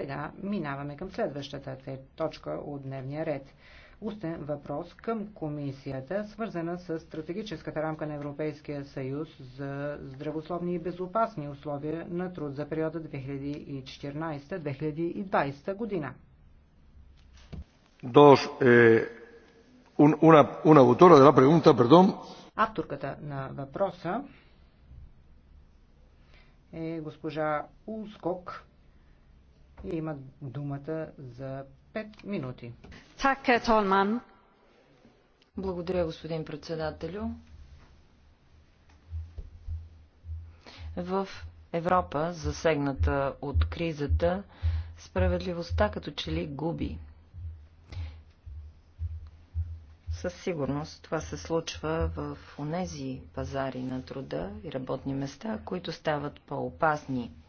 Сега минаваме към следващата точка от дневния ред. Устен въпрос към комисията, свързана с стратегическата рамка на Европейския съюз за здравословни и безопасни условия на труд за периода 2014-2020 година. Dos, eh, una, una autora de la pregunta, perdón. Авторката на въпроса е госпожа Ускок има думата за 5 минути. Е, Благодаря, господин председателю. В Европа, засегната от кризата, справедливостта като че ли губи. Със сигурност това се случва в онези пазари на труда и работни места, които стават по-опасни –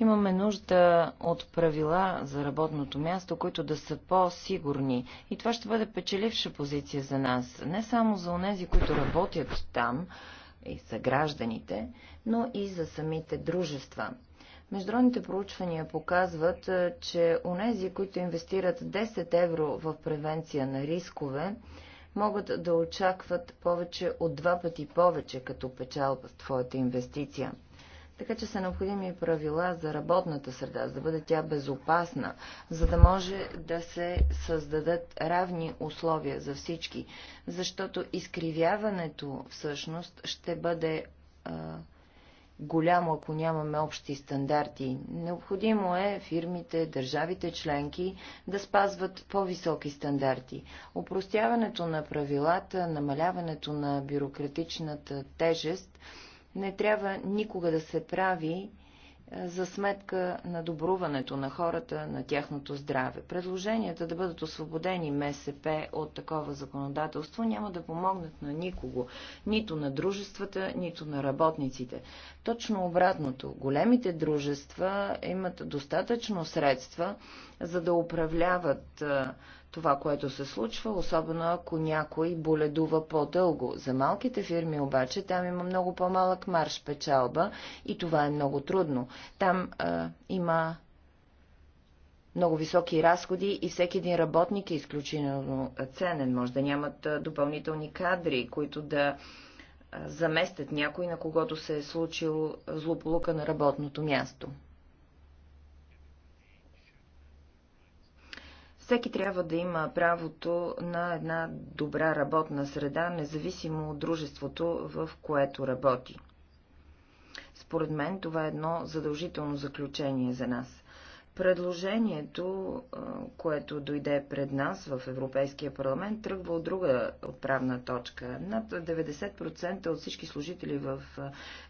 Имаме нужда от правила за работното място, които да са по-сигурни. И това ще бъде печеливша позиция за нас. Не само за онези, които работят там и са гражданите, но и за самите дружества. Международните проучвания показват, е, че онези, които инвестират 10 евро в превенция на рискове, могат да очакват повече от два пъти повече като печалба с твоята инвестиция – така че са необходими правила за работната среда, за да бъде тя безопасна, за да може да се създадат равни условия за всички, защото изкривяването всъщност ще бъде а, голямо, ако нямаме общи стандарти. Необходимо е фирмите, държавите членки да спазват по-високи стандарти. Опростяването на правилата, намаляването на бюрократичната тежест – не трябва никога да се прави е, за сметка на добруването на хората, на тяхното здраве. Предложенията да бъдат освободени МСП от такова законодателство няма да помогнат на никого, нито на дружествата, нито на работниците. Точно обратното, големите дружества имат достатъчно средства, за да управляват е, това, което се случва, особено ако някой боледува по-дълго. За малките фирми обаче там има много по-малък марш печалба и това е много трудно. Там а, има много високи разходи и всеки един работник е изключително ценен. Може да нямат допълнителни кадри, които да заместят някой, на когото се е случил злополука на работното място. Всеки трябва да има правото на една добра работна среда, независимо от дружеството, в което работи. Според мен това е едно задължително заключение за нас. Предложението, което дойде пред нас в Европейския парламент, тръгва от друга отправна точка. Над 90% от всички служители в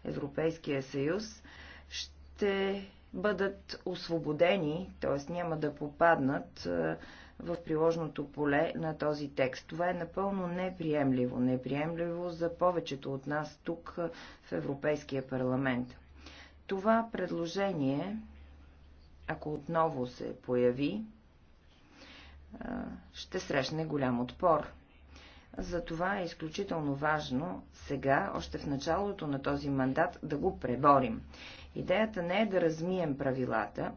Европейския съюз ще бъдат освободени, т.е. няма да попаднат е, в приложното поле на този текст. Това е напълно неприемливо. Неприемливо за повечето от нас тук е, в Европейския парламент. Това предложение, ако отново се появи, е, ще срещне голям отпор. Затова е изключително важно сега, още в началото на този мандат, да го преборим. Идеята не е да размием правилата,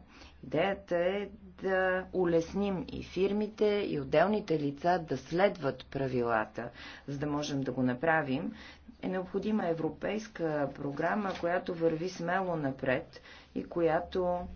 идеята е да улесним и фирмите, и отделните лица да следват правилата. За да можем да го направим, е необходима европейска програма, която върви смело напред и която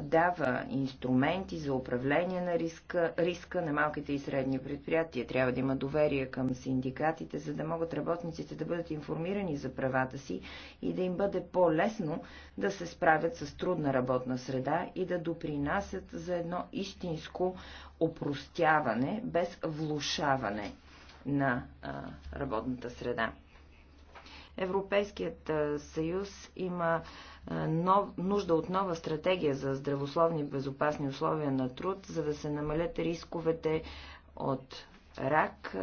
дава инструменти за управление на риска, риска на малките и средни предприятия. Трябва да има доверие към синдикатите, за да могат работниците да бъдат информирани за правата си и да им бъде по-лесно да се справят с трудна работна среда и да допринасят за едно истинско опростяване без влушаване на а, работната среда. Европейският съюз има нов, нужда от нова стратегия за здравословни и безопасни условия на труд, за да се намалят рисковете от рак,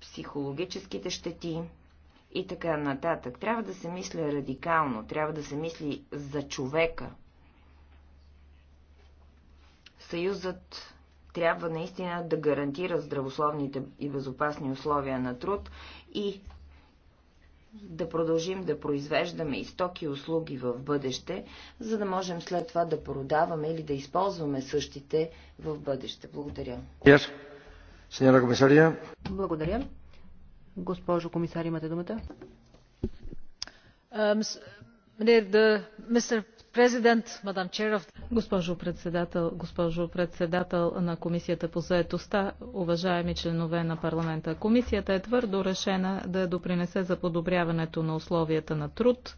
психологическите щети и така нататък. Трябва да се мисля радикално, трябва да се мисли за човека. Съюзът трябва наистина да гарантира здравословните и безопасни условия на труд и да продължим да произвеждаме и стоки и услуги в бъдеще, за да можем след това да продаваме или да използваме същите в бъдеще. Благодаря. Сеньора комисария. Благодаря. Госпожо комисар, имате думата. Мистер президент, мадам Черов. Госпожо председател, госпожо председател на Комисията по заедостта, уважаеми членове на парламента, Комисията е твърдо решена да допринесе за подобряването на условията на труд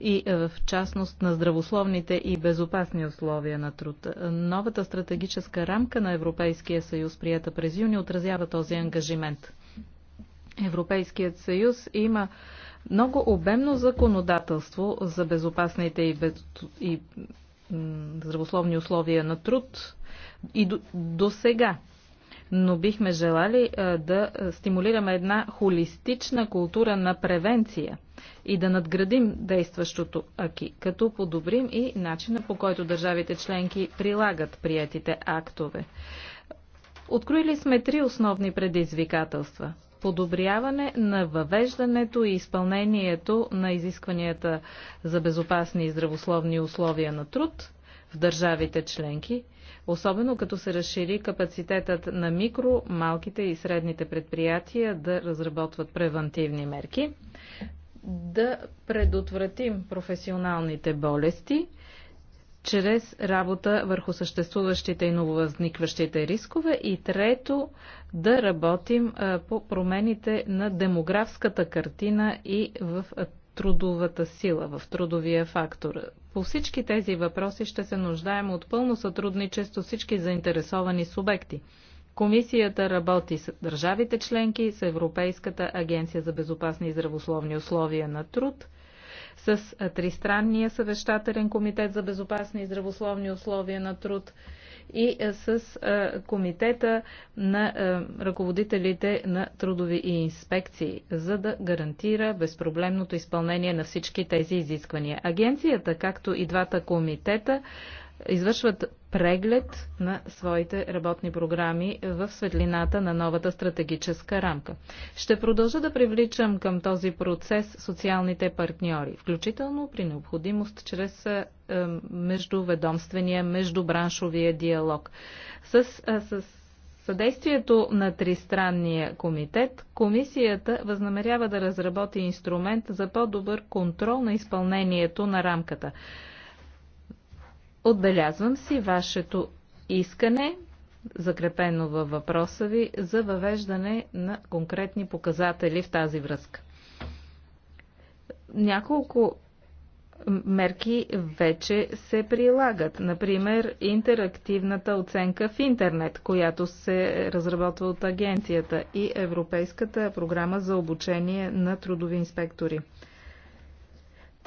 и е, в частност на здравословните и безопасни условия на труд. Новата стратегическа рамка на Европейския съюз, прията през юни, отразява този ангажимент. Европейският съюз има много обемно законодателство за безопасните и, без... и здравословни условия на труд и до, до сега. Но бихме желали да стимулираме една холистична култура на превенция и да надградим действащото АКИ, като подобрим и начина по който държавите членки прилагат приятите актове. Откроили сме три основни предизвикателства – подобряване на въвеждането и изпълнението на изискванията за безопасни и здравословни условия на труд в държавите членки, особено като се разшири капацитетът на микро, малките и средните предприятия да разработват превентивни мерки, да предотвратим професионалните болести чрез работа върху съществуващите и нововъзникващите рискове и трето да работим по промените на демографската картина и в трудовата сила, в трудовия фактор. По всички тези въпроси ще се нуждаем от пълно сътрудничество всички заинтересовани субекти. Комисията работи с държавите членки, с Европейската агенция за безопасни и здравословни условия на труд – с Тристранния съвещателен комитет за безопасни и здравословни условия на труд и с комитета на ръководителите на трудови инспекции, за да гарантира безпроблемното изпълнение на всички тези изисквания. Агенцията, както и двата комитета, извършват преглед на своите работни програми в светлината на новата стратегическа рамка. Ще продължа да привличам към този процес социалните партньори, включително при необходимост чрез е, междуведомствения, междубраншовия диалог. С, е, с съдействието на Тристранния комитет, комисията възнамерява да разработи инструмент за по-добър контрол на изпълнението на рамката. Отбелязвам си вашето искане, закрепено във въпроса ви, за въвеждане на конкретни показатели в тази връзка. Няколко мерки вече се прилагат. Например, интерактивната оценка в интернет, която се разработва от агенцията и Европейската програма за обучение на трудови инспектори.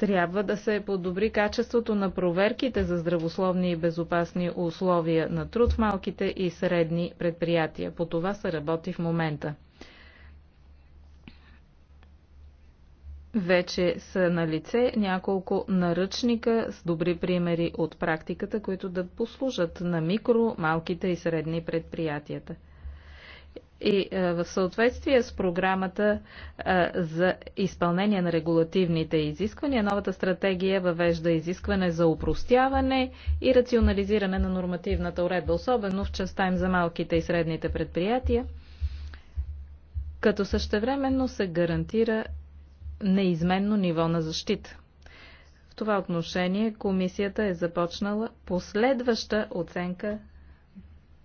Трябва да се подобри качеството на проверките за здравословни и безопасни условия на труд в малките и средни предприятия. По това се работи в момента. Вече са на лице няколко наръчника с добри примери от практиката, които да послужат на микро, малките и средни предприятията и е, в съответствие с програмата е, за изпълнение на регулативните изисквания, новата стратегия въвежда изискване за упростяване и рационализиране на нормативната уредба, особено в частта им за малките и средните предприятия, като същевременно се гарантира неизменно ниво на защита. В това отношение комисията е започнала последваща оценка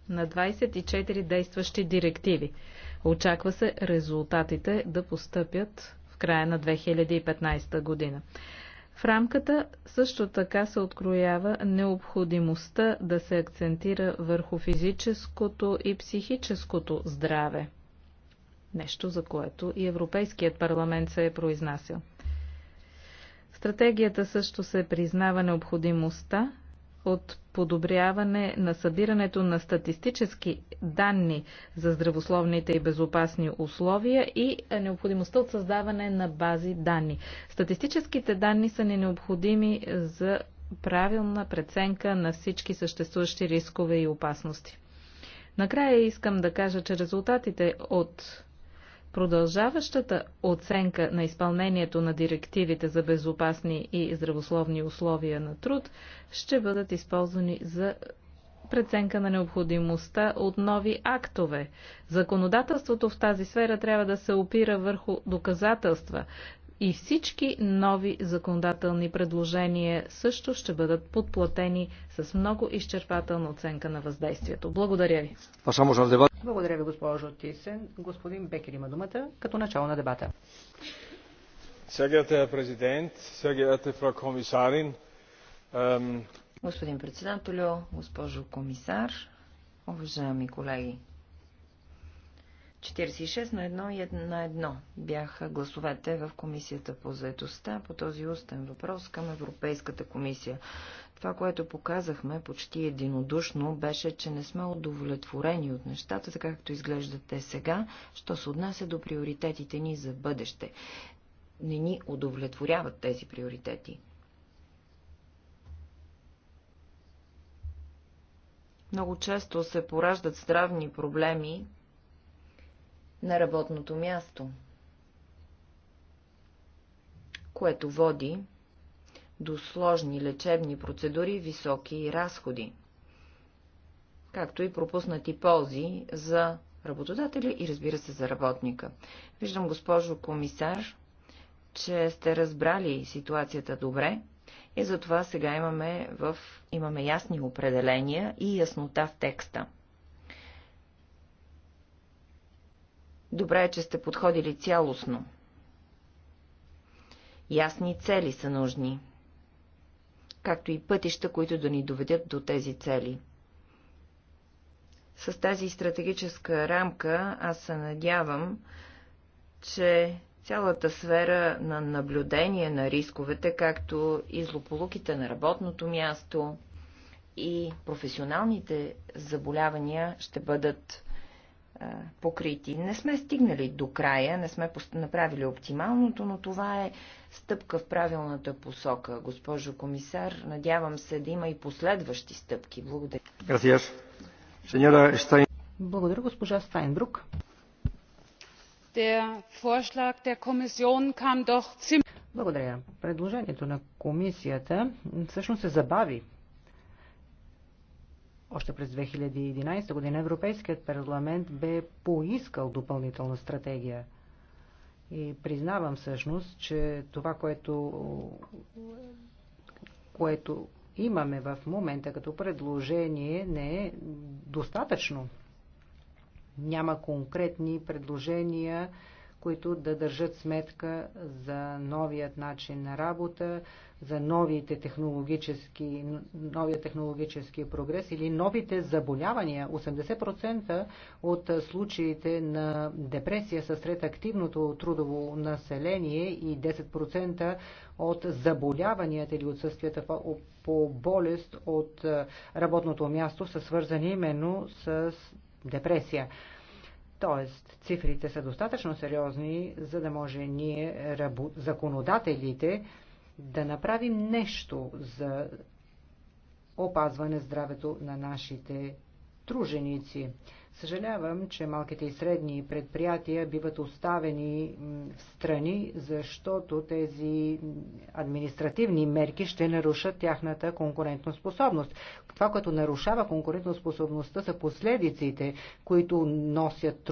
на 24 действащи директиви. Очаква се резултатите да постъпят в края на 2015 година. В рамката също така се откроява необходимостта да се акцентира върху физическото и психическото здраве. Нещо, за което и Европейският парламент се е произнасял. В стратегията също се признава необходимостта от подобряване на събирането на статистически данни за здравословните и безопасни условия и необходимостта от създаване на бази данни. Статистическите данни са ни необходими за правилна преценка на всички съществуващи рискове и опасности. Накрая искам да кажа, че резултатите от Продължаващата оценка на изпълнението на директивите за безопасни и здравословни условия на труд ще бъдат използвани за преценка на необходимостта от нови актове. Законодателството в тази сфера трябва да се опира върху доказателства, и всички нови законодателни предложения също ще бъдат подплатени с много изчерпателна оценка на въздействието. Благодаря ви. Благодаря ви, госпожо Тисен. Господин Бекер има думата като начало на дебата. президент, фра комисарин. Господин председател, госпожо комисар, уважаеми колеги. 46 на 1 и на 1 бяха гласовете в Комисията по заедостта по този устен въпрос към Европейската комисия. Това, което показахме почти единодушно, беше, че не сме удовлетворени от нещата, така както изглеждат те сега, що се отнася до приоритетите ни за бъдеще. Не ни удовлетворяват тези приоритети. Много често се пораждат здравни проблеми, на работното място, което води до сложни лечебни процедури, високи разходи, както и пропуснати ползи за работодателя и разбира се за работника. Виждам, госпожо комисар, че сте разбрали ситуацията добре и затова сега имаме, в... имаме ясни определения и яснота в текста. Добре е, че сте подходили цялостно. Ясни цели са нужни, както и пътища, които да ни доведят до тези цели. С тази стратегическа рамка аз се надявам, че цялата сфера на наблюдение на рисковете, както и злополуките на работното място и професионалните заболявания ще бъдат покрити. Не сме стигнали до края, не сме направили оптималното, но това е стъпка в правилната посока. Госпожо комисар, надявам се да има и последващи стъпки. Благодаря. Благодаря, госпожа Стайнбрук. Благодаря. Предложението на комисията всъщност се забави още през 2011 година Европейският парламент бе поискал допълнителна стратегия. И признавам всъщност, че това, което, което имаме в момента като предложение, не е достатъчно. Няма конкретни предложения, които да държат сметка за новият начин на работа, за новите технологически, новия технологически прогрес или новите заболявания. 80% от случаите на депресия са сред активното трудово население и 10% от заболяванията или отсъствията по болест от работното място са свързани именно с депресия. Тоест, цифрите са достатъчно сериозни, за да може ние, законодателите, да направим нещо за опазване здравето на нашите труженици. Съжалявам, че малките и средни предприятия биват оставени в страни, защото тези административни мерки ще нарушат тяхната конкурентоспособност. Това, което нарушава конкурентоспособността, са последиците, които носят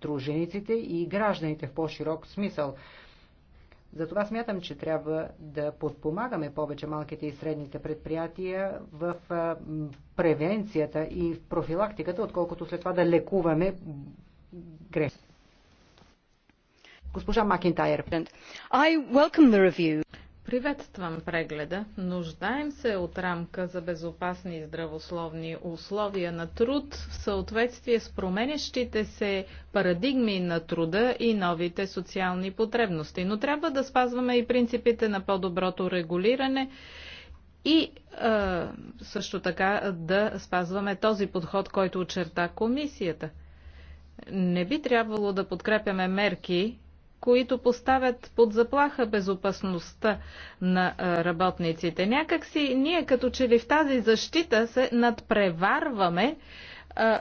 тружениците и гражданите в по-широк смисъл. Затова смятам, че трябва да подпомагаме повече малките и средните предприятия в превенцията и в профилактиката, отколкото след това да лекуваме грех. Госпожа Макинтайр. I welcome the review. Приветствам прегледа. Нуждаем се от рамка за безопасни и здравословни условия на труд в съответствие с променящите се парадигми на труда и новите социални потребности. Но трябва да спазваме и принципите на по-доброто регулиране и е, също така да спазваме този подход, който очерта комисията. Не би трябвало да подкрепяме мерки, които поставят под заплаха безопасността на работниците. Някак си ние като че ли в тази защита се надпреварваме а,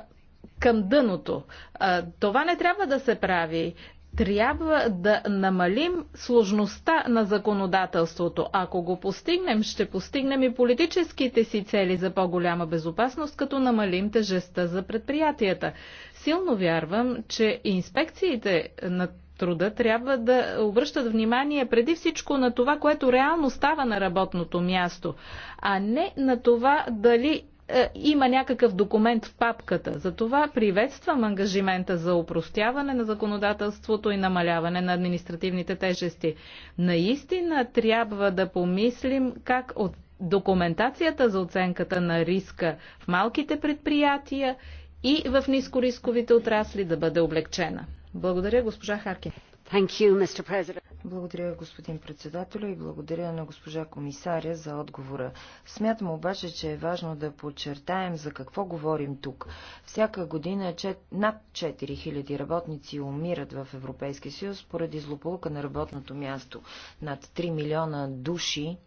към дъното. А, това не трябва да се прави трябва да намалим сложността на законодателството. Ако го постигнем, ще постигнем и политическите си цели за по-голяма безопасност, като намалим тежестта за предприятията. Силно вярвам, че инспекциите на труда трябва да обръщат внимание преди всичко на това, което реално става на работното място, а не на това дали е, има някакъв документ в папката. Затова приветствам ангажимента за упростяване на законодателството и намаляване на административните тежести. Наистина трябва да помислим как от документацията за оценката на риска в малките предприятия и в нискорисковите отрасли да бъде облегчена. Благодаря, госпожа Харки. You, благодаря, господин председател, и благодаря на госпожа комисаря за отговора. Смятам обаче, че е важно да подчертаем за какво говорим тук. Всяка година над 4000 работници умират в Европейския съюз поради злополука на работното място. Над 3 милиона души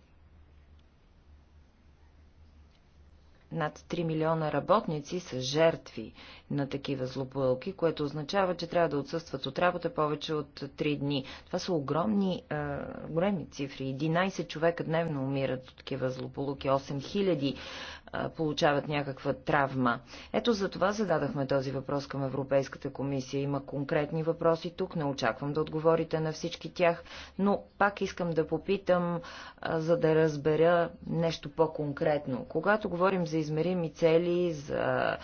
над 3 милиона работници са жертви на такива злополуки, което означава, че трябва да отсъстват от работа повече от 3 дни. Това са огромни, е, големи цифри. 11 човека дневно умират от такива злополуки, 8 хиляди получават някаква травма. Ето за това зададахме този въпрос към Европейската комисия. Има конкретни въпроси тук, не очаквам да отговорите на всички тях, но пак искам да попитам, за да разбера нещо по-конкретно. Когато говорим за измерими цели, за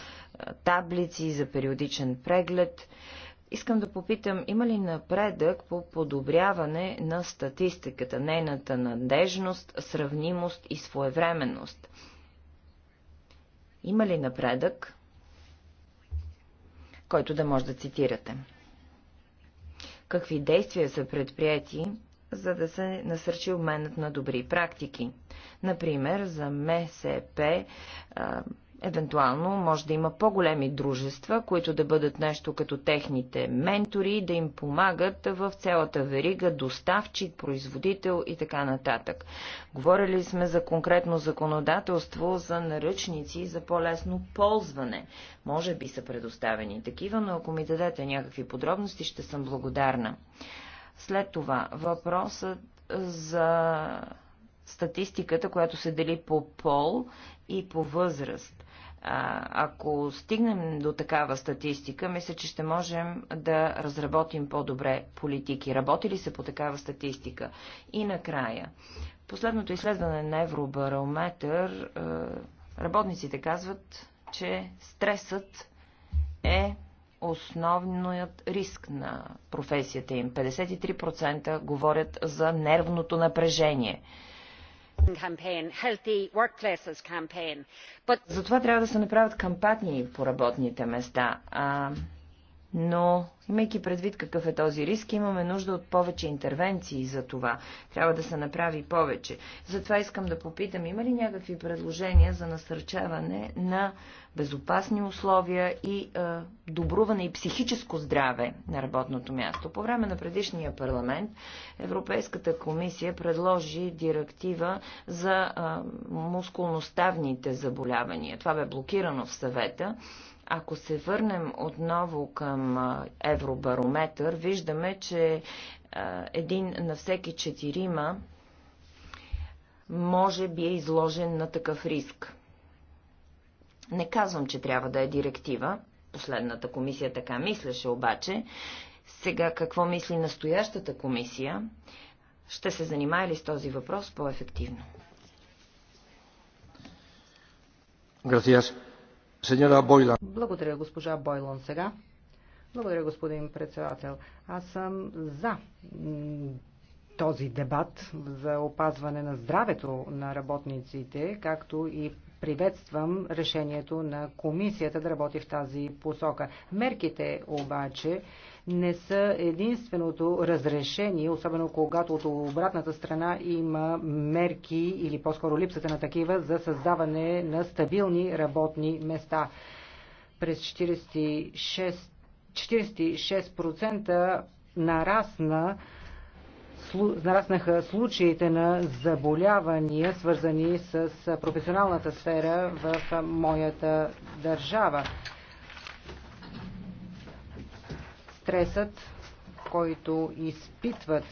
таблици, за периодичен преглед, Искам да попитам, има ли напредък по подобряване на статистиката, нейната надежност, сравнимост и своевременност? Има ли напредък, който да може да цитирате? Какви действия са предприяти, за да се насърчи обменът на добри практики? Например, за МСП Евентуално може да има по-големи дружества, които да бъдат нещо като техните ментори, да им помагат в цялата верига, доставчик, производител и така нататък. Говорили сме за конкретно законодателство за наръчници за по-лесно ползване. Може би са предоставени такива, но ако ми дадете някакви подробности, ще съм благодарна. След това въпросът за статистиката, която се дели по пол и по възраст. Ако стигнем до такава статистика, мисля, че ще можем да разработим по-добре политики. Работи ли се по такава статистика? И накрая, последното изследване на Евробарометър, е, работниците казват, че стресът е основният риск на професията им. 53% говорят за нервното напрежение. Затова трябва да се направят кампании по работните места. А, но имайки предвид какъв е този риск, имаме нужда от повече интервенции за това. Трябва да се направи повече. Затова искам да попитам, има ли някакви предложения за насърчаване на безопасни условия и е, добруване и психическо здраве на работното място? По време на предишния парламент Европейската комисия предложи директива за е, мускулноставните заболявания. Това бе блокирано в съвета ако се върнем отново към Евробарометър, виждаме, че един на всеки четирима може би е изложен на такъв риск. Не казвам, че трябва да е директива. Последната комисия така мислеше обаче. Сега какво мисли настоящата комисия? Ще се занимае ли с този въпрос по-ефективно? Gracias. Благодаря, госпожа Бойлон. Сега. Благодаря, господин председател. Аз съм за този дебат за опазване на здравето на работниците, както и Приветствам решението на комисията да работи в тази посока. Мерките обаче не са единственото разрешение, особено когато от обратната страна има мерки или по-скоро липсата на такива за създаване на стабилни работни места. През 46, 46% нарасна нараснаха случаите на заболявания, свързани с професионалната сфера в моята държава. Стресът, който изпитват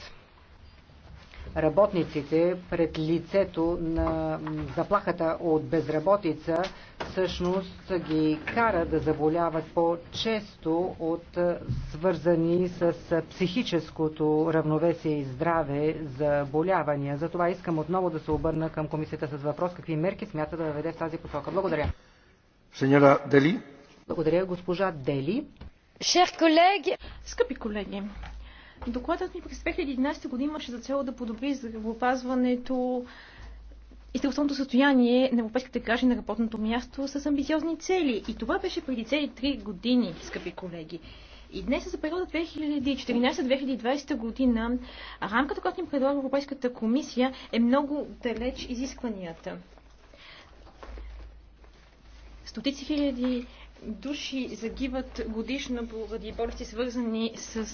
работниците пред лицето на заплахата от безработица всъщност ги кара да заболяват по-често от свързани с психическото равновесие и здраве заболявания. Затова искам отново да се обърна към комисията с въпрос какви мерки смята да въведе в тази посока. Благодаря. Сеньора Дели. Благодаря, госпожа Дели. Шер колеги. Скъпи колеги, Докладът ни през 2011 година имаше за цел да подобри здравеопазването и здравословното състояние на европейските граждани на работното място с амбициозни цели. И това беше преди цели 3 години, скъпи колеги. И днес е за периода 2014-2020 година рамката, която ни предлага Европейската комисия, е много далеч изискванията. Стотици хиляди души загиват годишно поради болести, свързани с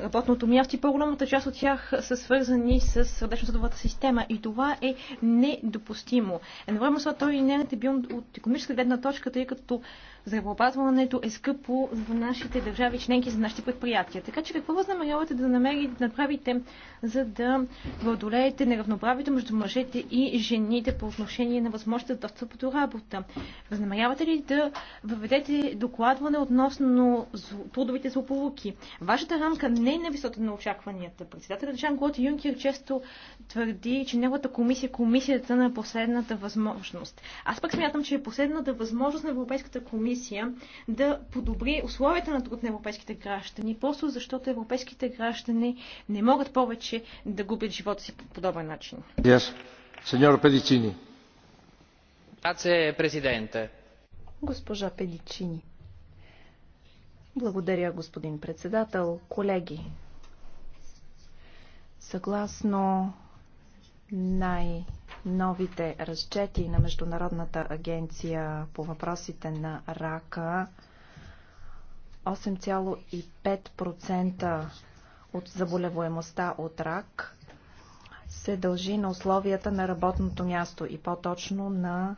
работното място и по-голямата част от тях са свързани с сърдечно-съдовата система и това е недопустимо. Едновременно с това той не е от економическа гледна точка, тъй като Здравеопазването е скъпо за нашите държави членки, за нашите предприятия. Така че какво възнамерявате да намерите, да направите, за да преодолеете неравноправието между мъжете и жените по отношение на възможността да достъп до работа? Възнамерявате ли да въведете докладване относно трудовите злополуки? Вашата рамка не е на висота на очакванията. Председателят Жан Клод Юнкер често твърди, че неговата комисия е комисията на последната възможност. Аз пък смятам, че е последната възможност на Европейската комисия комисия да подобри условията на труд на европейските граждани, просто защото европейските граждани не могат повече да губят живота си по подобен начин. Yes. Сеньор Педичини. Grazie, Presidente. Госпожа Педичини. Благодаря, господин председател. Колеги, съгласно най-новите разчети на Международната агенция по въпросите на рака 8,5% от заболеваемостта от рак се дължи на условията на работното място и по-точно на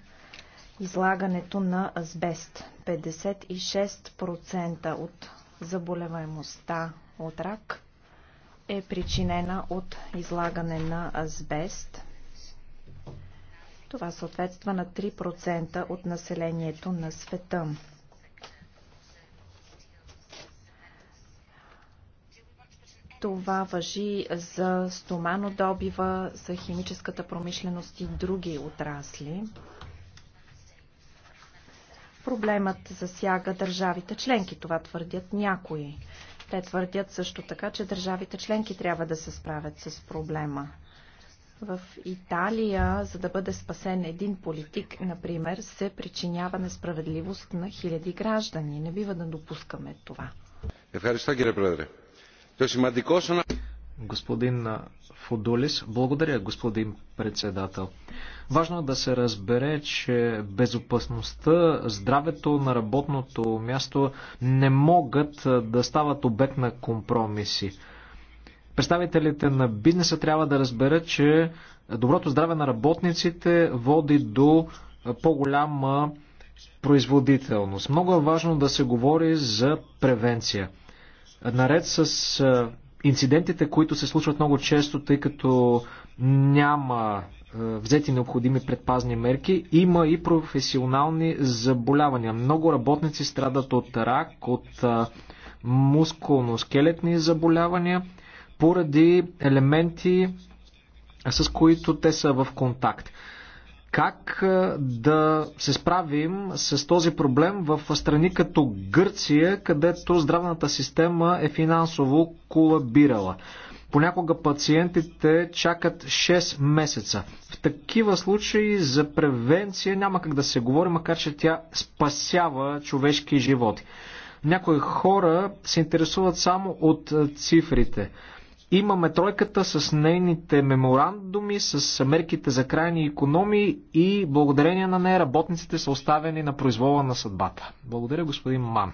излагането на азбест. 56% от заболеваемостта от рак е причинена от излагане на азбест. Това съответства на 3% от населението на света. Това въжи за стоманодобива, за химическата промишленост и други отрасли. Проблемът засяга държавите членки, това твърдят някои. Те твърдят също така, че държавите членки трябва да се справят с проблема. В Италия, за да бъде спасен един политик, например, се причинява несправедливост на хиляди граждани. Не бива да допускаме това. Ευχαριστώ, κύριε Πρόεδρε. Το σημαντικό господин Фудулис. Благодаря, господин председател. Важно е да се разбере, че безопасността, здравето на работното място не могат да стават обект на компромиси. Представителите на бизнеса трябва да разберат, че доброто здраве на работниците води до по-голяма производителност. Много е важно да се говори за превенция. Наред с инцидентите, които се случват много често, тъй като няма е, взети необходими предпазни мерки, има и професионални заболявания. Много работници страдат от рак, от е, мускулно-скелетни заболявания, поради елементи, с които те са в контакт как да се справим с този проблем в страни като Гърция, където здравната система е финансово колабирала. Понякога пациентите чакат 6 месеца. В такива случаи за превенция няма как да се говори, макар че тя спасява човешки животи. Някои хора се интересуват само от цифрите. Имаме тройката с нейните меморандуми, с мерките за крайни економии и благодарение на нея работниците са оставени на произвола на съдбата. Благодаря, господин Ман.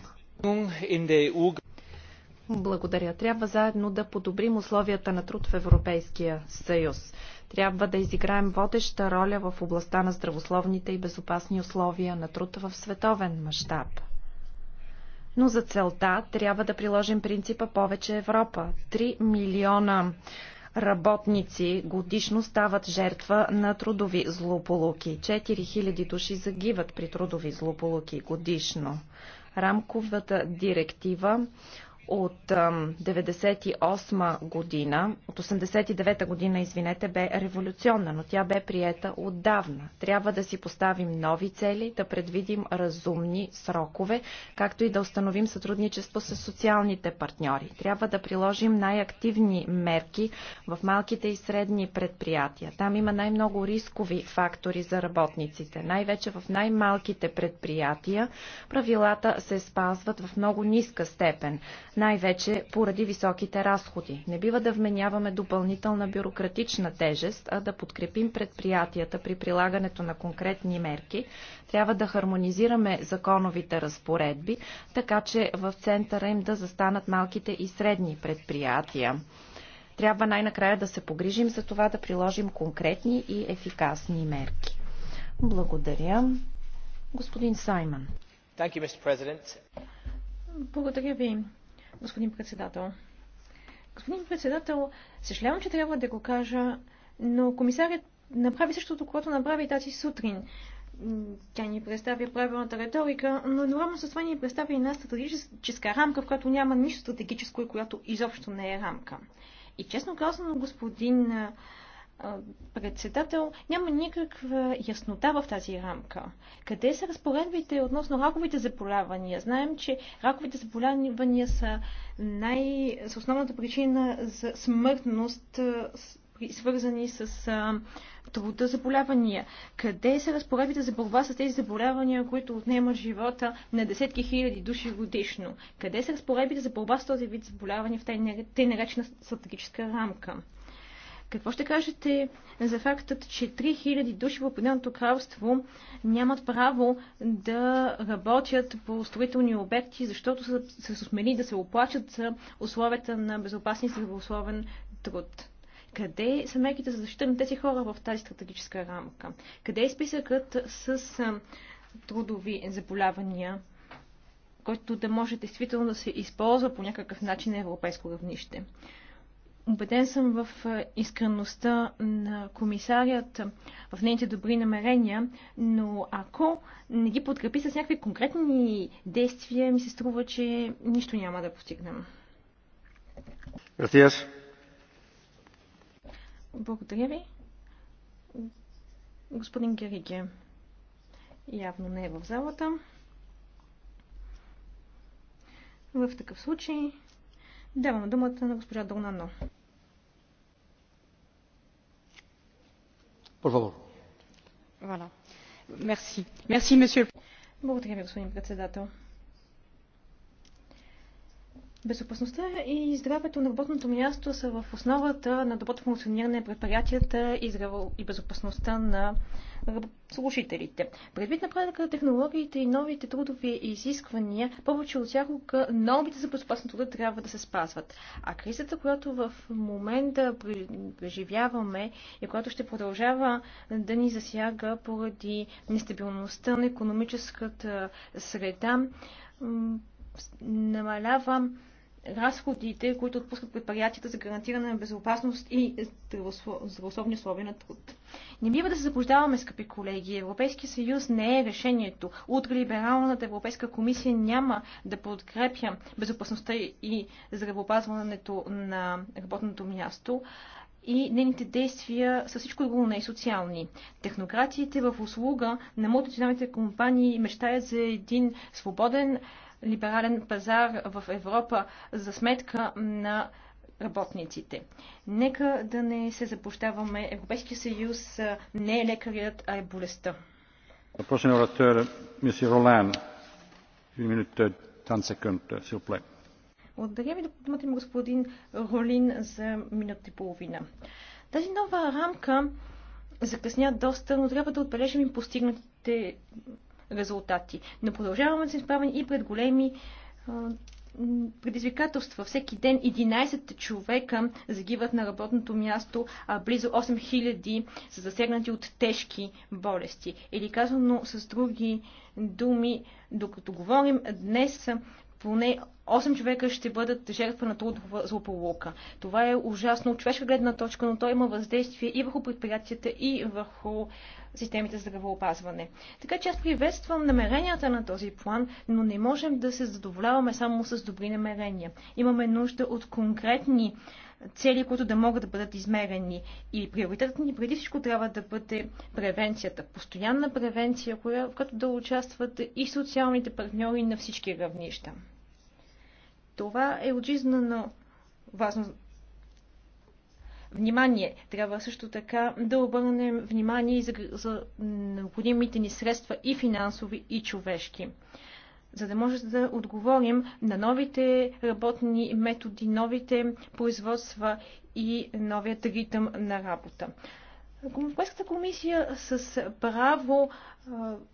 Благодаря. Трябва заедно да подобрим условията на труд в Европейския съюз. Трябва да изиграем водеща роля в областта на здравословните и безопасни условия на труд в световен мащаб. Но за целта трябва да приложим принципа повече Европа. 3 милиона работници годишно стават жертва на трудови злополуки. 4000 души загиват при трудови злополуки годишно. Рамковата директива от 98 година, от 89 година, извинете, бе революционна, но тя бе приета отдавна. Трябва да си поставим нови цели, да предвидим разумни срокове, както и да установим сътрудничество с социалните партньори. Трябва да приложим най-активни мерки в малките и средни предприятия. Там има най-много рискови фактори за работниците. Най-вече в най-малките предприятия правилата се спазват в много ниска степен най-вече поради високите разходи. Не бива да вменяваме допълнителна бюрократична тежест, а да подкрепим предприятията при прилагането на конкретни мерки. Трябва да хармонизираме законовите разпоредби, така че в центъра им да застанат малките и средни предприятия трябва най-накрая да се погрижим за това да приложим конкретни и ефикасни мерки. Благодаря. Господин Саймън. Благодаря ви господин председател. Господин председател, съжалявам, че трябва да го кажа, но комисарят направи същото, което направи тази сутрин. Тя ни представя правилната риторика, но едновременно с това ни представя и една стратегическа рамка, в която няма нищо стратегическо и която изобщо не е рамка. И честно казано, господин председател, няма никаква яснота в тази рамка. Къде са разпоредбите относно раковите заболявания? Знаем, че раковите заболявания са, най... с основната причина за смъртност свързани с а, труда заболявания. Къде са разпоредбите за борба с тези заболявания, които отнемат живота на десетки хиляди души годишно? Къде са разпоредбите за борба с този вид заболявания в тази наречена стратегическа рамка? Какво ще кажете за фактът, че 3000 души в определеното кралство нямат право да работят по строителни обекти, защото са се смели да се оплачат за условията на безопасни и здравословен труд? Къде са мерките за защита на тези хора в тази стратегическа рамка? Къде е списъкът с трудови заболявания, който да може действително да се използва по някакъв начин на европейско равнище? Убеден съм в е, искреността на комисарият, е, в нейните добри намерения, но ако не ги подкрепи с някакви конкретни действия, ми се струва, че нищо няма да постигнем. Gracias. Благодаря ви. Господин Гериге явно не е в залата. В такъв случай давам думата на госпожа Долнано. Благодаря ви, господин председател. Безопасността и здравето на работното място са в основата на доброто функциониране на предприятията и, здраво, и безопасността на служителите. Предвид на на технологиите и новите трудови изисквания, повече от всякога нормите за безопасност труда трябва да се спазват. А кризата, която в момента преживяваме и която ще продължава да ни засяга поради нестабилността на економическата среда, намалява разходите, които отпускат предприятията за гарантиране на безопасност и здравословни условия на труд. Не бива да се заблуждаваме, скъпи колеги. Европейския съюз не е решението. Ултралибералната Европейска комисия няма да подкрепя безопасността и здравеопазването на работното място и нейните действия са всичко друго, не и социални. Технократите в услуга на мултинационалните компании мечтаят за един свободен либерален пазар в Европа за сметка на работниците. Нека да не се запощаваме. Европейския съюз не е лекарят, а е болестта. Въпросен оратор, мисси Ролан. минута секунда, е, Благодаря ви, думата има господин Ролин за минута и половина. Тази нова рамка закъсня доста, но трябва да отбележим и постигнатите резултати. Но продължаваме да се изправени и пред големи предизвикателства. Всеки ден 11 човека загиват на работното място, а близо 8000 са засегнати от тежки болести. Или казано с други думи, докато говорим днес, поне 8 човека ще бъдат жертва на трудова злополука. Това е ужасно от човешка гледна точка, но то има въздействие и върху предприятията, и върху системите за здравеопазване. Така че аз приветствам намеренията на този план, но не можем да се задоволяваме само с добри намерения. Имаме нужда от конкретни цели, които да могат да бъдат измерени. И приоритетът ни преди всичко трябва да бъде превенцията. Постоянна превенция, в която да участват и социалните партньори на всички равнища. Това е от важно внимание. Трябва също така да обърнем внимание за, за необходимите ни средства и финансови, и човешки. За да може да отговорим на новите работни методи, новите производства и новият ритъм на работа. Европейската комисия с право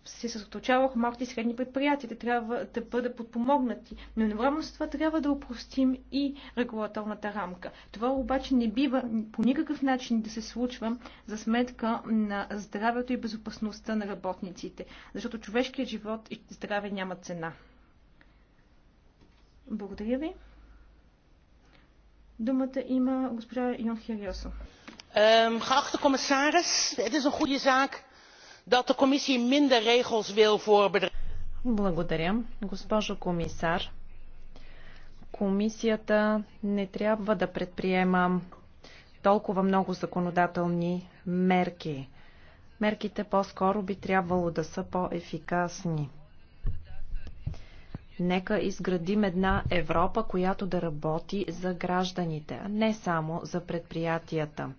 се съсредоточава в малките и средни предприятия. Те трябва да бъдат подпомогнати. Но едновременно с това трябва да упростим и регулаторната рамка. Това обаче не бива по никакъв начин да се случва за сметка на здравето и безопасността на работниците. Защото човешкият живот и здраве няма цена. Благодаря ви. Думата има госпожа Йон Хириосо. Ehm, geachte commissaris het is een goede zaak dat de commissie minder regels wil voor Благодаря. Госпожо комисар, комисията не трябва да предприема толкова много законодателни мерки. Мерките по-скоро би трябвало да са по-ефикасни. Нека изградим една Европа, която да работи за гражданите, а не само за предприятията.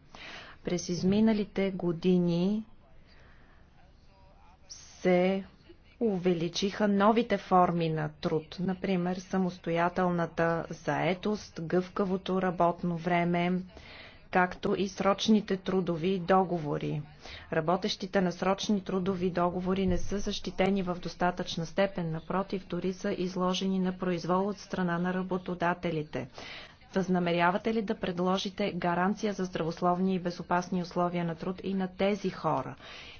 През изминалите години се увеличиха новите форми на труд, например самостоятелната заетост, гъвкавото работно време, както и срочните трудови договори. Работещите на срочни трудови договори не са защитени в достатъчна степен, напротив, дори са изложени на произвол от страна на работодателите. Възнамерявате ли да предложите гаранция за здравословни и безопасни условия на труд и на тези хора?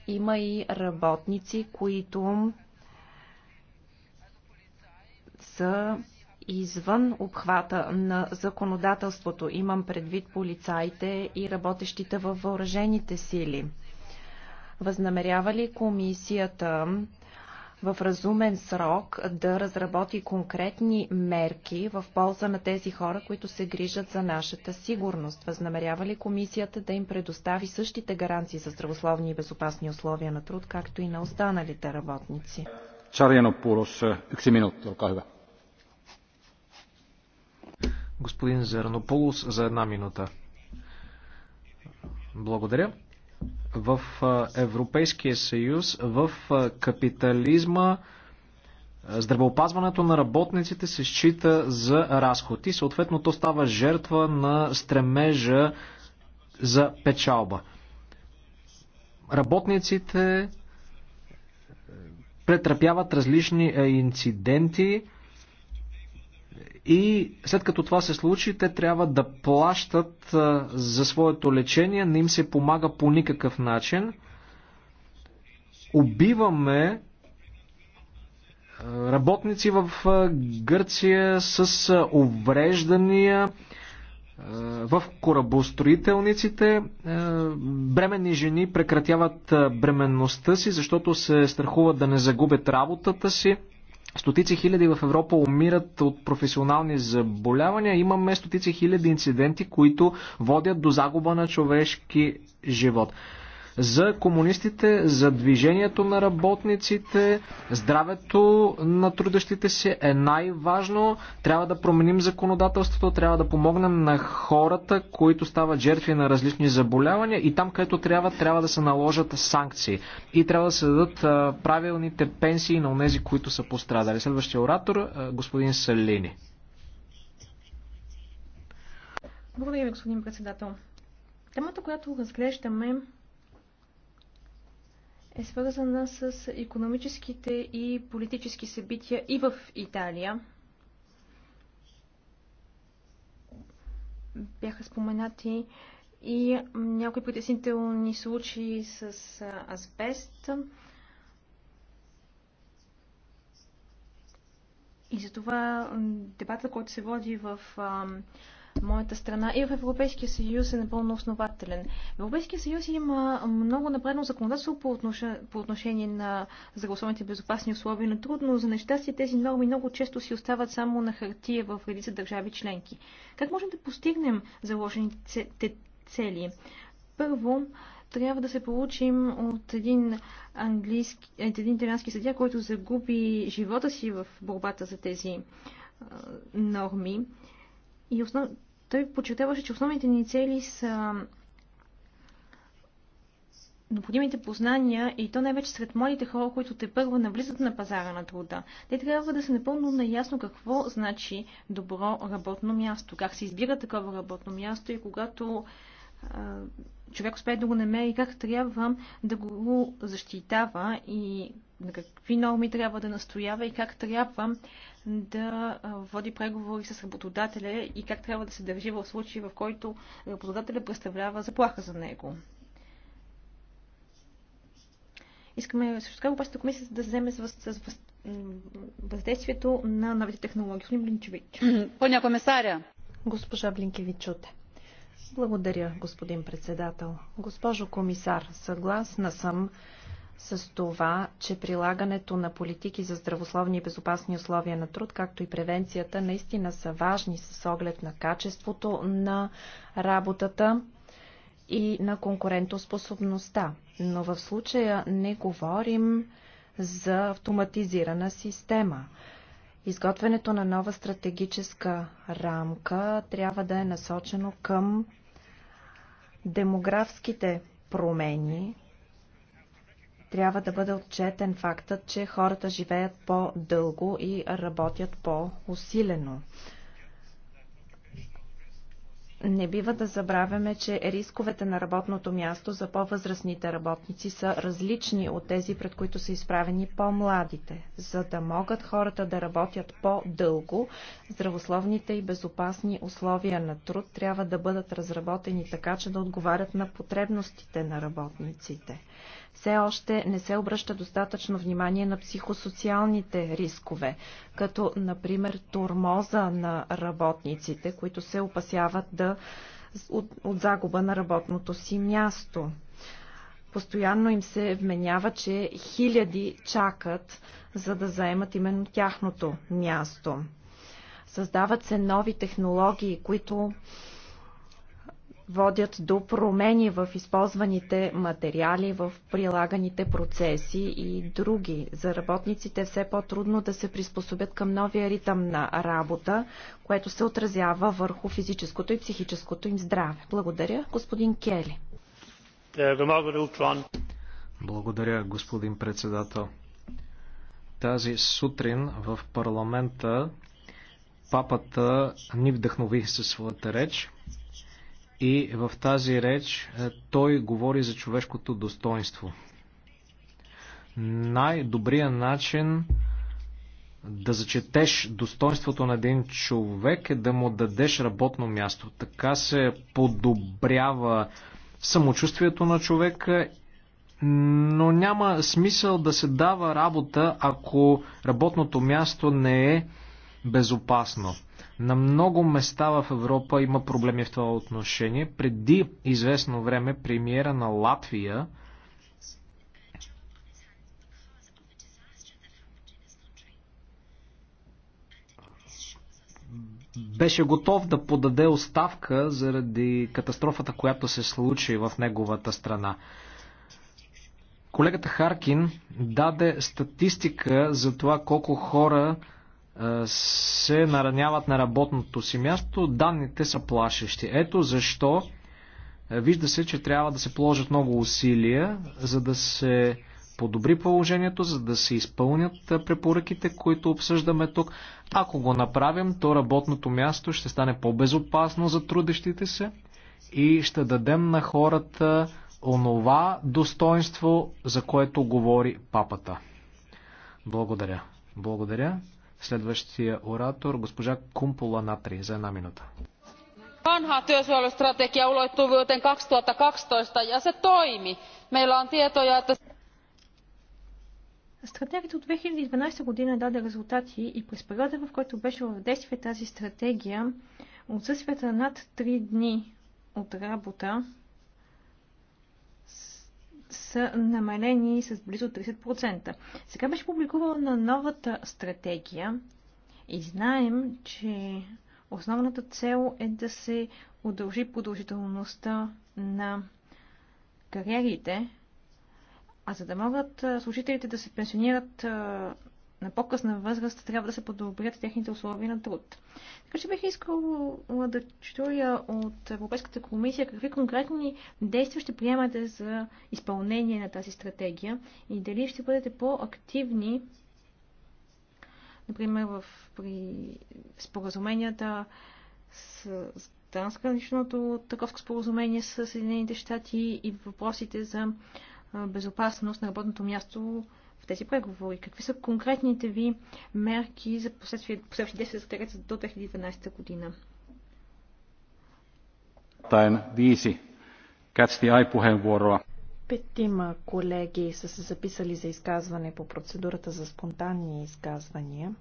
Има и работници, които са извън обхвата на законодателството. Имам предвид полицаите и работещите във въоръжените сили. Възнамерява ли комисията в разумен срок да разработи конкретни мерки в полза на тези хора, които се грижат за нашата сигурност? Възнамерява ли комисията да им предостави същите гаранции за здравословни и безопасни условия на труд, както и на останалите работници? Чарянопулос, 1 минут, olkaa Господин Зернополус за една минута. Благодаря. В Европейския съюз, в капитализма, Здравеопазването на работниците се счита за разход и съответно то става жертва на стремежа за печалба. Работниците претърпяват различни инциденти, и след като това се случи, те трябва да плащат за своето лечение, не им се помага по никакъв начин. Убиваме работници в Гърция с увреждания в корабостроителниците. Бременни жени прекратяват бременността си, защото се страхуват да не загубят работата си. Стотици хиляди в Европа умират от професионални заболявания. Имаме стотици хиляди инциденти, които водят до загуба на човешки живот за комунистите, за движението на работниците, здравето на трудещите се е най-важно. Трябва да променим законодателството, трябва да помогнем на хората, които стават жертви на различни заболявания и там, където трябва, трябва да се наложат санкции и трябва да се дадат правилните пенсии на тези, които са пострадали. Следващия оратор, господин Салини. Благодаря ви, господин председател. Темата, която разглеждаме, е свързана с економическите и политически събития и в Италия. Бяха споменати и някои притеснителни случаи с азбест. И затова дебата, който се води в моята страна и в Европейския съюз е напълно основателен. В Европейския съюз има много напредно законодателство по, отнош... по отношение на здравословните безопасни условия, но трудно за нещастие тези норми много често си остават само на хартия в редица държави членки. Как можем да постигнем заложените цели? Първо, трябва да се получим от един, английски, един италиански съдия, който загуби живота си в борбата за тези а, норми. И основ... той подчертаваше, че основните ни цели са необходимите познания и то най-вече сред младите хора, които те първо навлизат на пазара на труда. Те трябва да са напълно наясно какво значи добро работно място, как се избира такова работно място и когато а, човек успее да го намери, как трябва да го защитава и на какви норми трябва да настоява и как трябва да води преговори с работодателя и как трябва да се държи в случай, в който работодателя представлява заплаха за него. Искаме също така обаче комисията да вземе с, въздействието на новите технологии. Господин Блинчевич. Поня комисаря. Госпожа Блинкевичуте. Благодаря, господин председател. Госпожо комисар, съгласна съм, с това, че прилагането на политики за здравословни и безопасни условия на труд, както и превенцията, наистина са важни с оглед на качеството на работата и на конкурентоспособността. Но в случая не говорим за автоматизирана система. Изготвянето на нова стратегическа рамка трябва да е насочено към демографските промени, трябва да бъде отчетен фактът, че хората живеят по-дълго и работят по-усилено. Не бива да забравяме, че рисковете на работното място за по-възрастните работници са различни от тези, пред които са изправени по-младите. За да могат хората да работят по-дълго, здравословните и безопасни условия на труд трябва да бъдат разработени така, че да отговарят на потребностите на работниците все още не се обръща достатъчно внимание на психосоциалните рискове, като например турмоза на работниците, които се опасяват да, от, от загуба на работното си място. Постоянно им се вменява, че хиляди чакат, за да заемат именно тяхното място. Създават се нови технологии, които водят до промени в използваните материали, в прилаганите процеси и други. За работниците е все по-трудно да се приспособят към новия ритъм на работа, което се отразява върху физическото и психическото им здраве. Благодаря, господин Кели. Благодаря, господин председател. Тази сутрин в парламента папата ни вдъхнови със своята реч. И в тази реч е, той говори за човешкото достоинство. Най-добрият начин да зачетеш достоинството на един човек е да му дадеш работно място. Така се подобрява самочувствието на човека, но няма смисъл да се дава работа, ако работното място не е безопасно. На много места в Европа има проблеми в това отношение. Преди известно време премиера на Латвия беше готов да подаде оставка заради катастрофата, която се случи в неговата страна. Колегата Харкин даде статистика за това колко хора се нараняват на работното си място, данните са плашещи. Ето защо вижда се, че трябва да се положат много усилия, за да се подобри положението, за да се изпълнят препоръките, които обсъждаме тук. Ако го направим, то работното място ще стане по-безопасно за трудещите се и ще дадем на хората онова достоинство, за което говори папата. Благодаря. Благодаря. Следващия оратор, госпожа Кумпула Натри, за една минута. Vanha työsuojelustrategia ulottuu vuoteen 2012 ja se toimi. Meillä on tietoja, että... Стратегията от 2012 година даде резултати и през периода, в който беше в действие тази стратегия, отсъствията над 3 дни от работа са намалени с близо 30%. Сега беше на новата стратегия и знаем, че основната цел е да се удължи продължителността на кариерите, а за да могат служителите да се пенсионират на по-късна възраст трябва да се подобрят техните условия на труд. Така че бих искала да чуя от Европейската комисия какви конкретни действия ще приемате за изпълнение на тази стратегия и дали ще бъдете по-активни например в, при споразуменията с, трансграничното търговско споразумение с Съединените щати и въпросите за безопасност на работното място в тези преговори? Какви са конкретните ви мерки за последствие, последващи действия за Тереца до 2012 година? Тайн Виси. Catch the puheenvuoroa. Петима колеги са се записали за изказване по процедурата за спонтанни изказвания.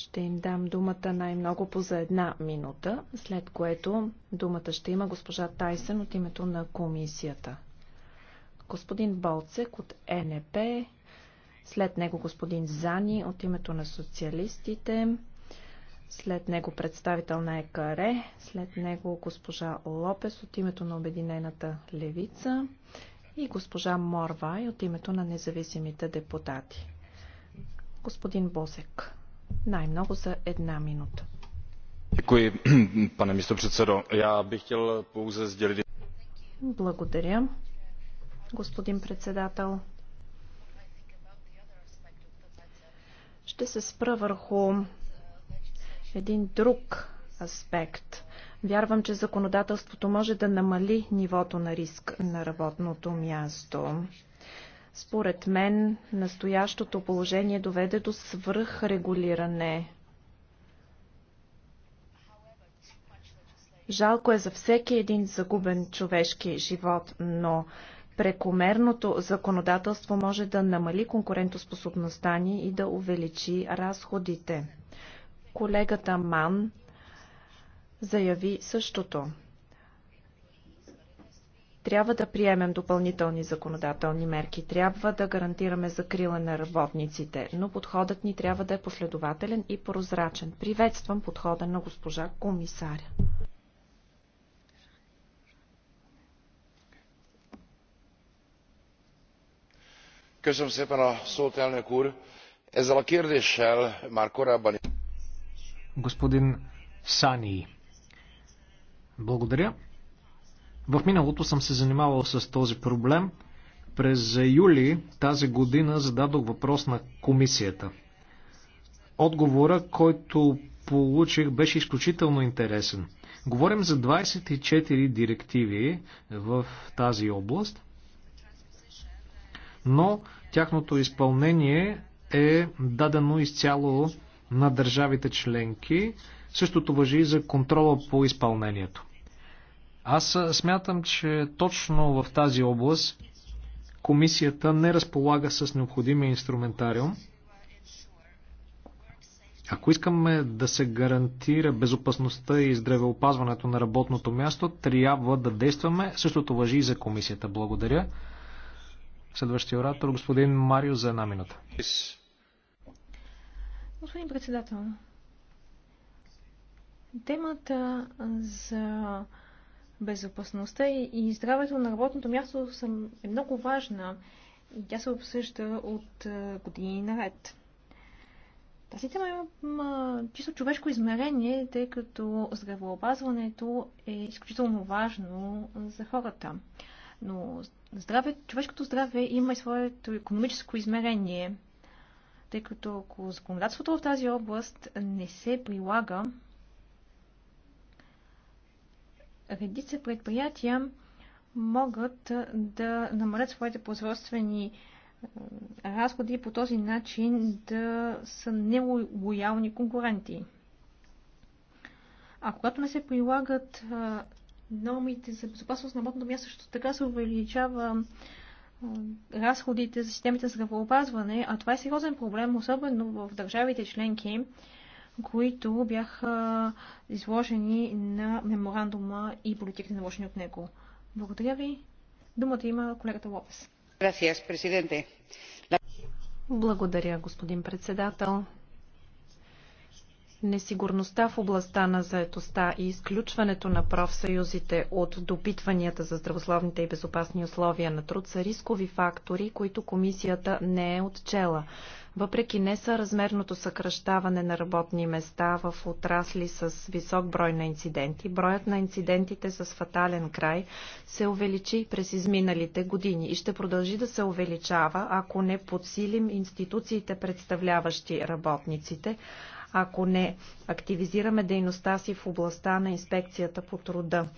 Ще им дам думата най-много по за една минута, след което думата ще има госпожа Тайсен от името на комисията. Господин Болцек от НП, след него господин Зани от името на социалистите, след него представител на ЕКР, след него госпожа Лопес от името на Обединената левица и госпожа Морвай от името на независимите депутати. Господин Босек най-много за една минута. Благодаря. Господин председател, ще се спра върху един друг аспект. Вярвам, че законодателството може да намали нивото на риск на работното място. Според мен настоящото положение доведе до свръхрегулиране. Жалко е за всеки един загубен човешки живот, но прекомерното законодателство може да намали конкурентоспособността ни и да увеличи разходите. Колегата Ман заяви същото. Трябва да приемем допълнителни законодателни мерки, трябва да гарантираме закрила на работниците, но подходът ни трябва да е последователен и прозрачен. Приветствам подхода на госпожа комисаря. Господин Сани, благодаря. В миналото съм се занимавал с този проблем. През юли тази година зададох въпрос на комисията. Отговора, който получих, беше изключително интересен. Говорим за 24 директиви в тази област, но тяхното изпълнение е дадено изцяло на държавите членки. Същото въжи и за контрола по изпълнението. Аз смятам, че точно в тази област комисията не разполага с необходимия инструментариум. Ако искаме да се гарантира безопасността и здравеопазването на работното място, трябва да действаме. Същото въжи и за комисията. Благодаря. Следващия оратор, господин Марио, за една минута. Господин председател, темата за безопасността и здравето на работното място е много важна и тя се обсъжда от е, години наред. Тази тема има чисто човешко измерение, тъй като здравеопазването е изключително важно за хората. Но здраве, човешкото здраве има и своето економическо измерение, тъй като ако законодателството в тази област не се прилага, редица предприятия могат да намалят своите производствени разходи и по този начин да са нелоялни конкуренти. А когато не се прилагат нормите за безопасност на работното място, защото така се увеличава разходите за системите за здравеопазване, а това е сериозен проблем, особено в държавите членки, които бяха изложени на меморандума и политиките наложени от него. Благодаря ви. Думата има колегата Лопес. Благодаря, господин председател. Несигурността в областта на заетостта и изключването на профсъюзите от допитванията за здравословните и безопасни условия на труд са рискови фактори, които комисията не е отчела. Въпреки несъразмерното съкръщаване на работни места в отрасли с висок брой на инциденти, броят на инцидентите с фатален край се увеличи през изминалите години и ще продължи да се увеличава, ако не подсилим институциите, представляващи работниците, ако не активизираме дейността си в областта на инспекцията по труда.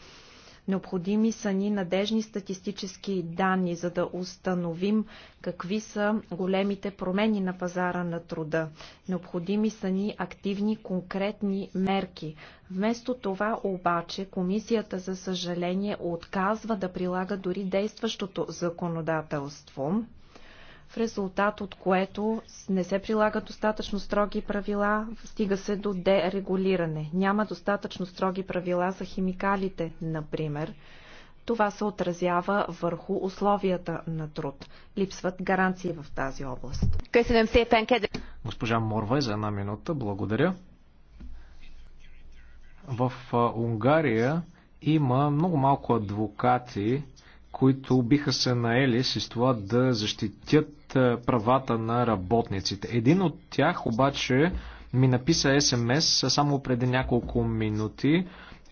Необходими са ни надежни статистически данни, за да установим какви са големите промени на пазара на труда. Необходими са ни активни конкретни мерки. Вместо това обаче комисията за съжаление отказва да прилага дори действащото законодателство в резултат от което не се прилагат достатъчно строги правила, стига се до дерегулиране. Няма достатъчно строги правила за химикалите, например. Това се отразява върху условията на труд. Липсват гаранции в тази област. Госпожа Морвай, за една минута, благодаря. В Унгария има много малко адвокати, които биха се наели с това да защитят е, правата на работниците. Един от тях обаче ми написа СМС само преди няколко минути.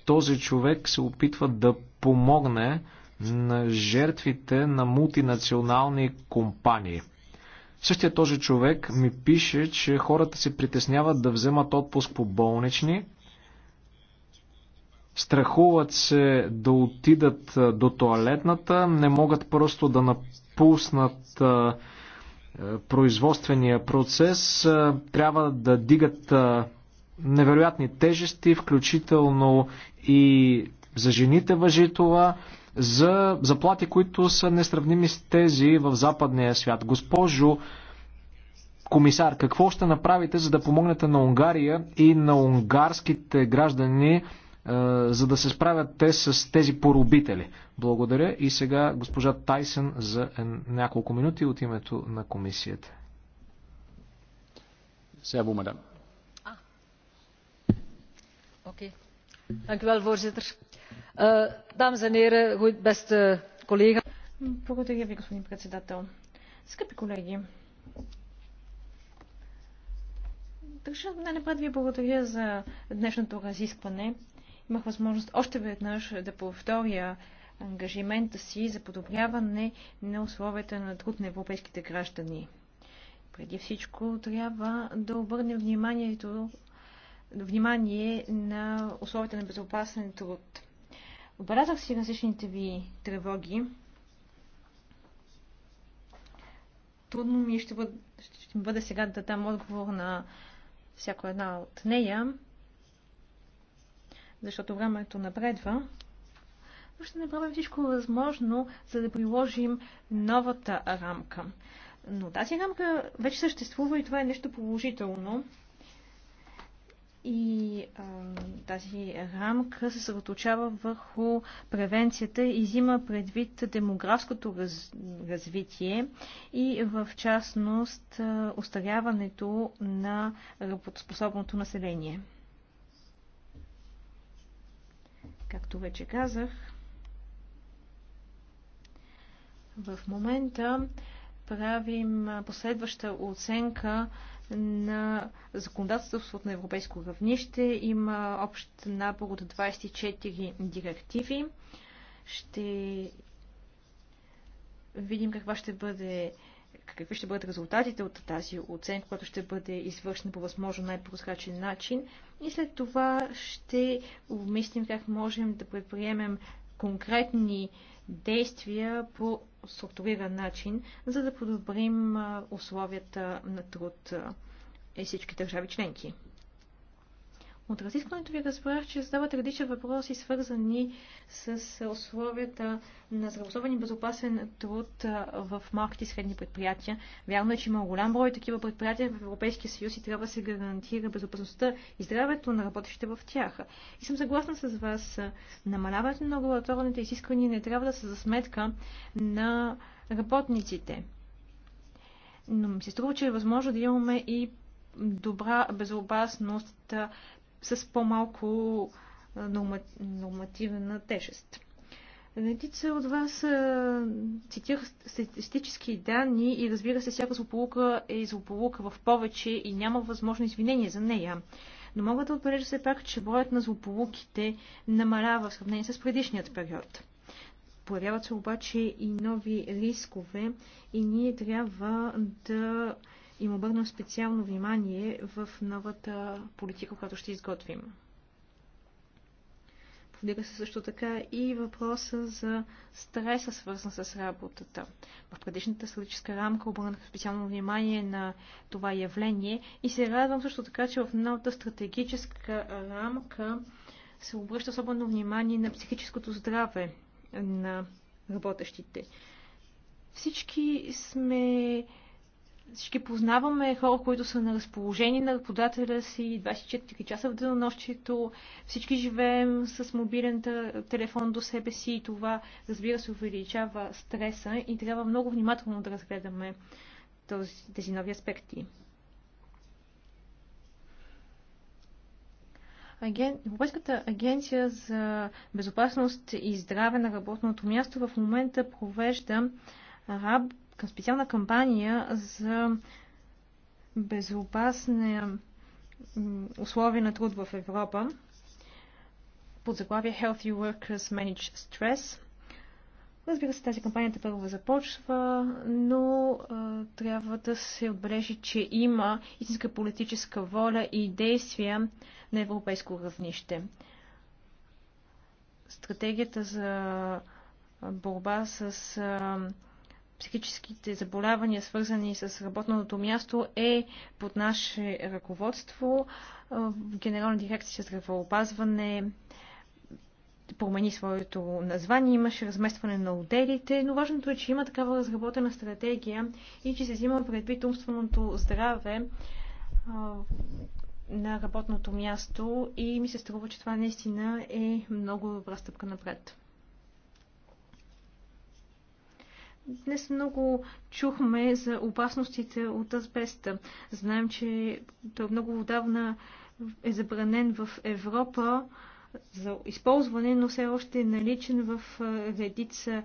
Този човек се опитва да помогне на жертвите на мултинационални компании. Същия този човек ми пише, че хората се притесняват да вземат отпуск по болнични, страхуват се да отидат е, до туалетната, не могат просто да напуснат е, е, производствения процес, е, трябва да дигат е, невероятни тежести, включително и за жените въжи това, за заплати, които са несравними с тези в западния свят. Госпожо комисар, какво ще направите, за да помогнете на Унгария и на унгарските граждани за да се справят те с тези поробители. Благодаря и сега госпожа Тайсън за няколко минути от името на комисията. Сега, мадам. Окей. Dank wel, voorzitter. Uh, en heren, beste collega. Благодаря ви, господин председател. Скъпи колеги, държа най-напред ви благодаря за днешното разискване. Имах възможност още веднъж да повторя ангажимента си за подобряване на условията на труд на европейските граждани. Преди всичко трябва да обърнем вниманието, внимание на условията на безопасен труд. Отбелязах си различните ви тревоги. Трудно ми ще бъде, ще бъде сега да дам отговор на всяко една от нея, защото времето напредва, но ще направим всичко възможно, за да приложим новата рамка. Но тази рамка вече съществува и това е нещо положително. И а, тази рамка се съсредоточава върху превенцията и взима предвид демографското раз, развитие и в частност устаряването на работоспособното население. Както вече казах, в момента правим последваща оценка на законодателството на европейско равнище. Има общ набор от 24 директиви. Ще видим каква ще бъде какви ще бъдат резултатите от тази оценка, която ще бъде извършена по възможно най-прозрачен начин. И след това ще обмислим как можем да предприемем конкретни действия по структуриран начин, за да подобрим условията на труд и всички държави членки. От разискването ви разбрах, че задавате редица въпроси, свързани с условията на здравословен и безопасен труд в малките и средни предприятия. Вярно е, че има голям брой такива предприятия в Европейския съюз и трябва да се гарантира безопасността и здравето на работещите в тях. И съм съгласна с вас, намаляването на регулаторните изисквания не трябва да са за сметка на работниците. Но ми се струва, че е възможно да имаме и добра безопасност с по-малко нормативна тежест. Редица от вас цитира статистически данни и разбира се, всяка злополука е злополука в повече и няма възможно извинение за нея. Но мога да отбележа все пак, че броят на злополуките намалява в сравнение с предишният период. Появяват се обаче и нови рискове и ние трябва да и му обърнем специално внимание в новата политика, която ще изготвим. Повдига се също така и въпроса за стреса, свързан с работата. В предишната стратегическа рамка обърнах специално внимание на това явление и се радвам също така, че в новата стратегическа рамка се обръща особено внимание на психическото здраве на работещите. Всички сме всички познаваме хора, които са на разположение на работодателя си 24 часа в денонощието. Всички живеем с мобилен телефон до себе си и това, разбира се, увеличава стреса и трябва много внимателно да разгледаме този, тези нови аспекти. Аген... Европейската агенция за безопасност и здраве на работното място в момента провежда раб специална кампания за безопасни условия на труд в Европа под заглавие Healthy Workers Manage Stress. Разбира се, тази кампанията първо започва, но а, трябва да се отбележи, че има истинска политическа воля и действия на европейско равнище. Стратегията за борба с а, психическите заболявания, свързани с работното място, е под наше ръководство. Генерална дирекция здравеопазване промени своето название, имаше разместване на отделите, но важното е, че има такава разработена стратегия и че се взима предвид умственото здраве на работното място и ми се струва, че това наистина е много добра стъпка напред. Днес много чухме за опасностите от азбеста. Знаем, че той много отдавна е забранен в Европа за използване, но все още е наличен в редица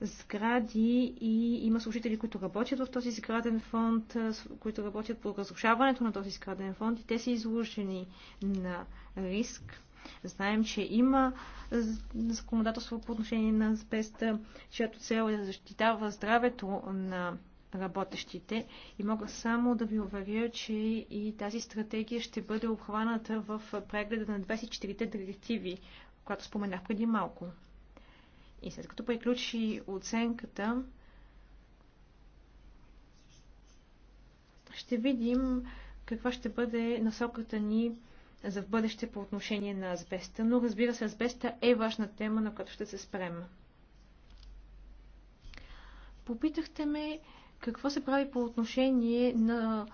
сгради и има служители, които работят в този сграден фонд, които работят по разрушаването на този сграден фонд и те са изложени на риск. Знаем, че има законодателство по отношение на спеста, чиято цел е да защитава здравето на работещите и мога само да ви уверя, че и тази стратегия ще бъде обхваната в прегледа на 24-те директиви, която споменах преди малко. И след като приключи оценката, ще видим каква ще бъде насоката ни за в бъдеще по отношение на азбеста, но разбира се, азбеста е важна тема, на която ще се спрем. Попитахте ме какво се прави по отношение на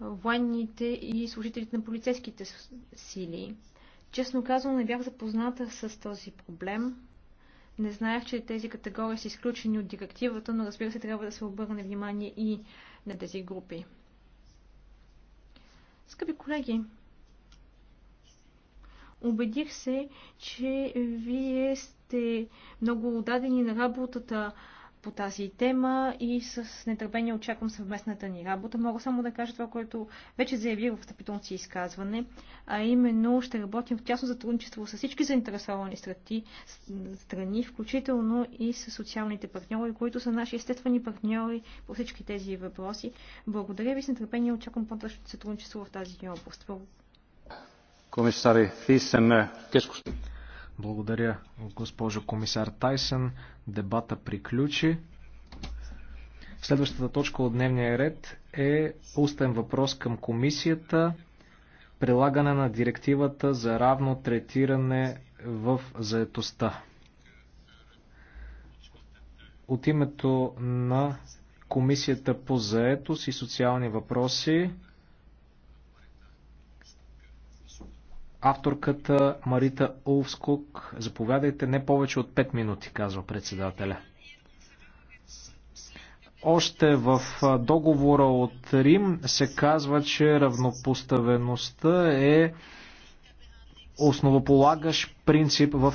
военните и служителите на полицейските сили. Честно казвам, не бях запозната с този проблем. Не знаех, че тези категории са изключени от директивата, но разбира се, трябва да се обърне внимание и на тези групи. Скъпи колеги, Убедих се, че вие сте много отдадени на работата по тази тема и с нетърпение очаквам съвместната ни работа. Мога само да кажа това, което вече заявих в стъпителното си изказване, а именно ще работим в тясно сътрудничество с всички заинтересовани страти, страни, включително и с социалните партньори, които са наши естествени партньори по всички тези въпроси. Благодаря ви с нетърпение очаквам по-тъчно сътрудничество в тази област. Комисари Фисен, е Благодаря, госпожо комисар Тайсън. Дебата приключи. Следващата точка от дневния ред е устен въпрос към комисията прилагане на директивата за равно третиране в заетостта. От името на Комисията по заетост и социални въпроси авторката Марита Олвскок. Заповядайте не повече от 5 минути, казва председателя. Още в договора от Рим се казва, че равнопоставеността е основополагащ принцип в